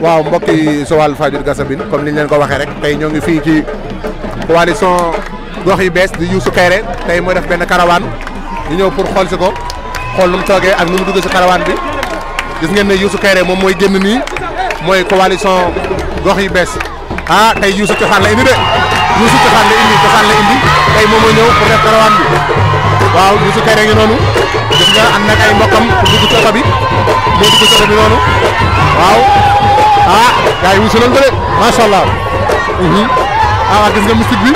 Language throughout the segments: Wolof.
waaw mbokk yi Joal Fadiouth Gassabine comme ni ñu leen ko waxee rek tey ñoo ngi fii ci coalition gox bees di Youssou Kairé tey moo def benn karawaan ñu ñëw pour xool si ko xool nu mu toogee ak nu mu dugg si karawaan bi gis ngeen ne moom mooy génn nii mooy coalition gox bees ah tey Youssou cosaan la indi de Youssou cosaan la indi cosaan la indi tey moom moo ñëw pour def karawaan bi waaw Youssou Kairé ngi noonu gis nga am na ay mbokkam dugg bi moo dugg bi noonu waaw ah gars yi wusu nañ ko de macha allah. Mhm. ah gis nga mystique bi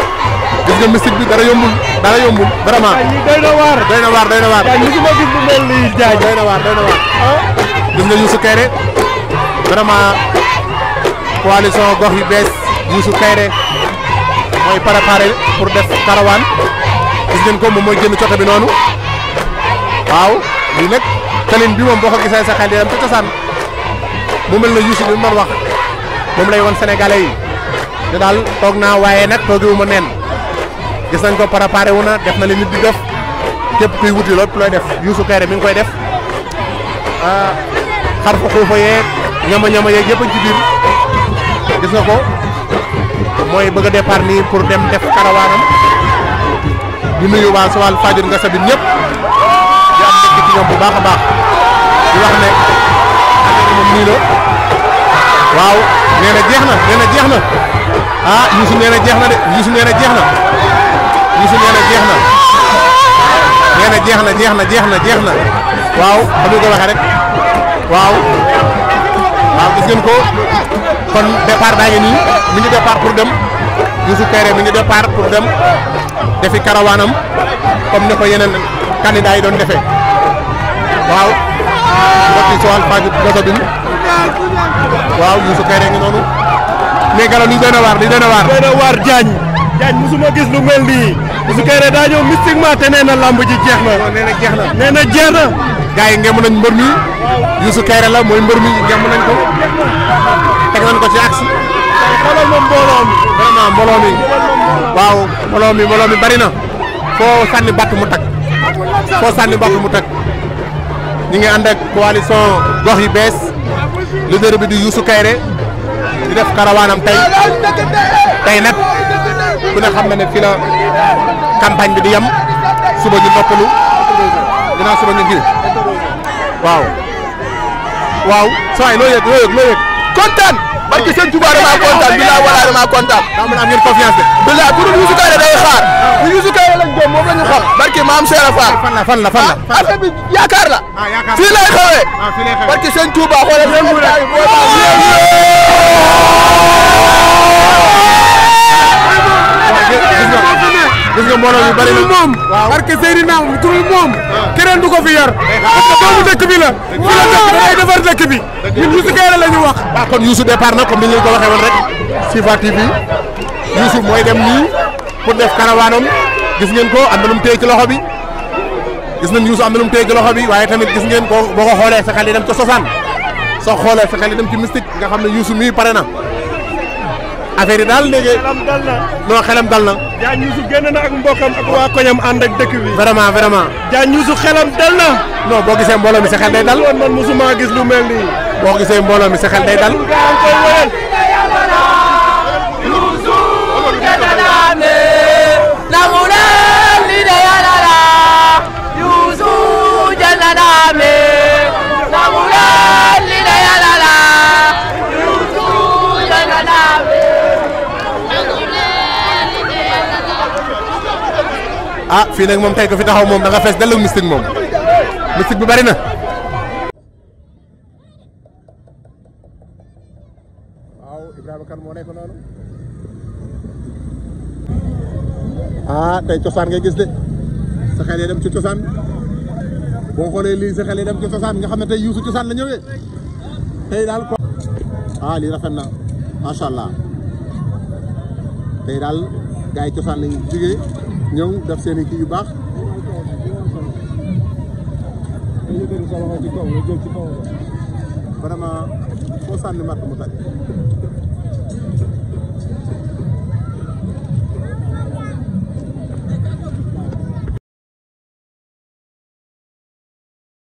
gis nga mystique bi dara yombul dara yombul vraiment. doy na waar doy na waar doy na waar. gis bu mel nii jaaj. doy na ah. bees Youssou Kayré mooy préparé pour def caravane gis ngeen ko moom mooy génn cote bi noonu waaw lii nag këlin bi moom boo ko gisee sa xel di dem te cosaan. mu mel na Youssou li mu wax moom lay won sénégalais yi ne daal toog naa waaye nag toogiwuma nen gis nañ ko préparé wu na def na li nit di def képp kuy wuti lépp looy def Youssou Kairé mi ngi koy def ah, xar fa xuufa yeeg ñama ñama yeeg yëpp ci biir gis nga ko mooy bëgg départ pour dem def karawaanam di nuyu waa sowal fajur nga sabit ñëpp di am nekk ci bu baax baax di wax ne la waaw nee na jeex na nee jeex na ah Youssou nee na jeex na de Youssou nee na jeex na Youssou nee na jeex na nee jeex na jeex na jeex na jeex na waaw xam nga rek waaw waaw gis ngeen ko kon départ baa ngi nii mi ngi départ pour dem Youssou Kairé mi ngi départ pour dem defi karawaanam comme ni ko yeneen candidat doon defee waaw mbokk yi Joal Fadiouth Gassabin waaw Youssou Kairé ngi noonu mais galo li doy na waar li doy na waar doy na waar Diagne Diagne musuma gis lu mel nii Youssou Kairé daa ñëw mystiquement te nee na lamb ji jeex na nee na jeex na nee na jeex na gars yi ngem nañ mbër mi Youssou Kairé la mooy mbër mi ngem nañ ko teg nañ ko ci axe xoolal moom mbooloo vraiment mbooloo mi waaw mbooloo mi mbooloo mi bari na foo sànni batt mu tag foo sànni batt mu tag ñi ngi ànd ak coalition gox yu bees leader bi di Youssou Kayré di def karawaanam tey tey nag ku ne xam na ne fi la bi di yem suba ñu noppalu dinaa suba ñu ngi waaw waaw saa yi loo yëg loo yëg loo yëg kontaan barke sëñ Tuubaa damaa kontaan bi fan la fan la fan la ah, affaire bi yaakaar la. ah yaakaar yu bëri la moom parce que Seydina turul moom ah. keneen du ko fi bi la fi la dëkk defar dëkk bi ñun Youssou Kairé la ñu wax ah, kon Youssou départ na comme ni ñu ko waxee woon rek Sifa TV Youssou mooy dem nii pour def karawaanam gis ngeen ko am na lu mu téye loxo bi gis nañ Youssou am na lu mu téye loxo bi waaye tamit gis ngeen ko boo ko xoolee sa xel yi dem ca sosaan soo xoolee sa dem ci mystique nga xam ne Youssou mii pare na affaire yi daal léegi xelam dal na non xelam dal na Diagne Youssou génn na ak mbokkam ak waa koñam ak dëkk bi vraiment vraiment Diagne Youssou xelam dal na non boo gisee mbooloo mi sa xel day dal man mosuma gis lu mel nii boo gisee mbooloo mi sa xel day dal ah fii nag moom tey ko fi taxaw moom da nga fees dellu mystique moom mystique bi bari na. waaw Ibrahima kan moo nekk noonu. ah tey cosaan ngay gis de sa xel dem ci cosaan boo xoolee lii sa xel dem ci cosaan nga xam ne tey yuusu cosaan la ñëwee tey daal. ah lii rafet na macha allah tey daal gars yi cosaan lañu jugee. ñëw def seen i kii yu baax. vraiment foo sànni matt mu tàj.